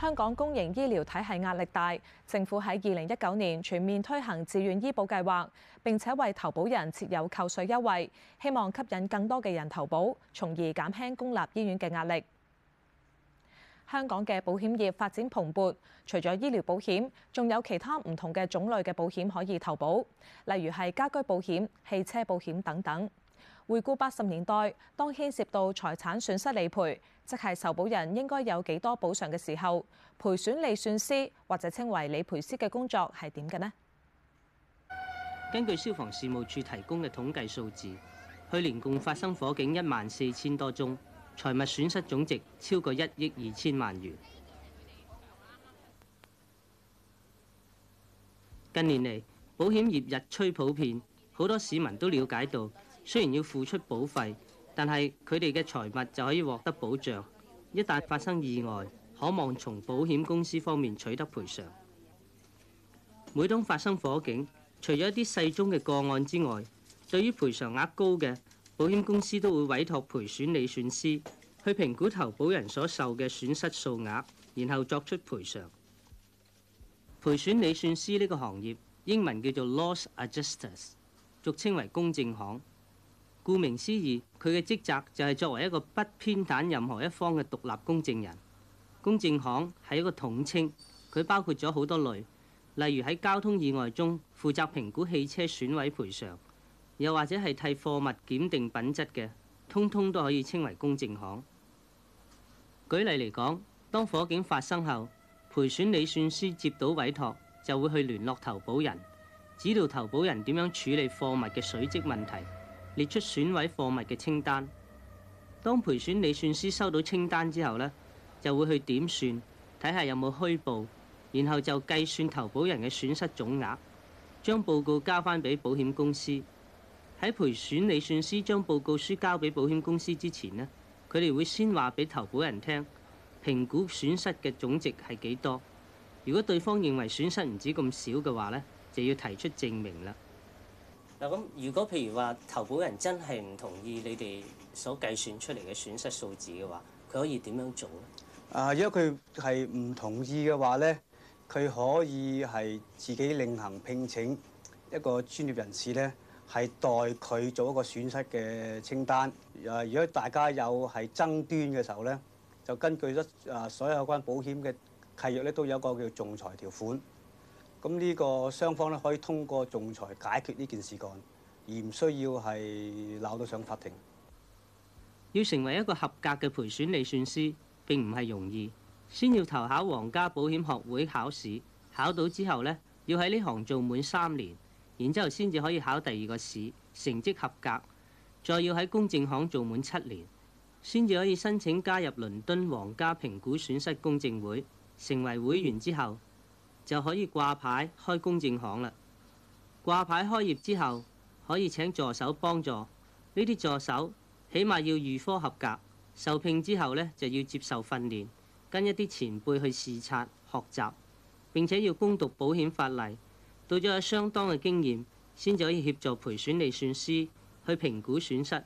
香港公營醫療體系壓力大，政府喺二零一九年全面推行自願醫保計劃，並且為投保人設有扣稅優惠，希望吸引更多嘅人投保，從而減輕公立醫院嘅壓力。香港嘅保險業發展蓬勃，除咗醫療保險，仲有其他唔同嘅種類嘅保險可以投保，例如係家居保險、汽車保險等等。回顧八十年代，當牽涉到財產損失理賠，即係受保人應該有幾多補償嘅時候，賠損理算師，或者稱為理賠師嘅工作係點嘅呢？根據消防事務處提供嘅統計數字，去年共發生火警一萬四千多宗，財物損失總值超過一億二千萬元。近年嚟，保險業日趨普遍，好多市民都了解到。雖然要付出保費，但係佢哋嘅財物就可以獲得保障。一旦發生意外，可望從保險公司方面取得賠償。每當發生火警，除咗一啲細宗嘅個案之外，對於賠償額高嘅保險公司都會委託賠損理算師去評估投保人所受嘅損失數額，然後作出賠償。賠損理算師呢個行業英文叫做 Loss Adjusters，俗稱為公證行。顧名思義，佢嘅職責就係作為一個不偏袒任何一方嘅獨立公證人。公證行係一個統稱，佢包括咗好多類，例如喺交通意外中負責評估汽車損毀賠償，又或者係替貨物檢定品質嘅，通通都可以稱為公證行。舉例嚟講，當火警發生後，賠損理算師接到委託，就會去聯絡投保人，指導投保人點樣處理貨物嘅水漬問題。列出損毀貨物嘅清單。當賠損理算師收到清單之後呢，就會去點算，睇下有冇虛報，然後就計算投保人嘅損失總額，將報告交返俾保險公司。喺賠損理算師將報告書交俾保險公司之前呢，佢哋會先話俾投保人聽，評估損失嘅總值係幾多。如果對方認為損失唔止咁少嘅話呢，就要提出證明啦。嗱，咁如果譬如話投保人真係唔同意你哋所計算出嚟嘅損失數字嘅話，佢可以點樣做咧？啊，如果佢係唔同意嘅話咧，佢可以係自己另行聘請一個專業人士咧，係代佢做一個損失嘅清單。啊，如果大家有係爭端嘅時候咧，就根據咗啊所有有關保險嘅契約咧，都有一個叫仲裁條款。咁呢個雙方咧，可以通過仲裁解決呢件事幹，而唔需要係鬧到上法庭。要成為一個合格嘅賠損理算師並唔係容易，先要投考皇家保險學會考試，考到之後呢，要喺呢行做滿三年，然之後先至可以考第二個試，成績合格，再要喺公證行做滿七年，先至可以申請加入倫敦皇家評估損失公證會，成為會員之後，就可以掛牌開公證行啦。掛牌開業之後，可以請助手幫助。呢啲助手起碼要預科合格，受聘之後呢，就要接受訓練，跟一啲前輩去視察學習，並且要攻讀保險法例。到咗有相當嘅經驗，先至可以協助賠損理算師去評估損失。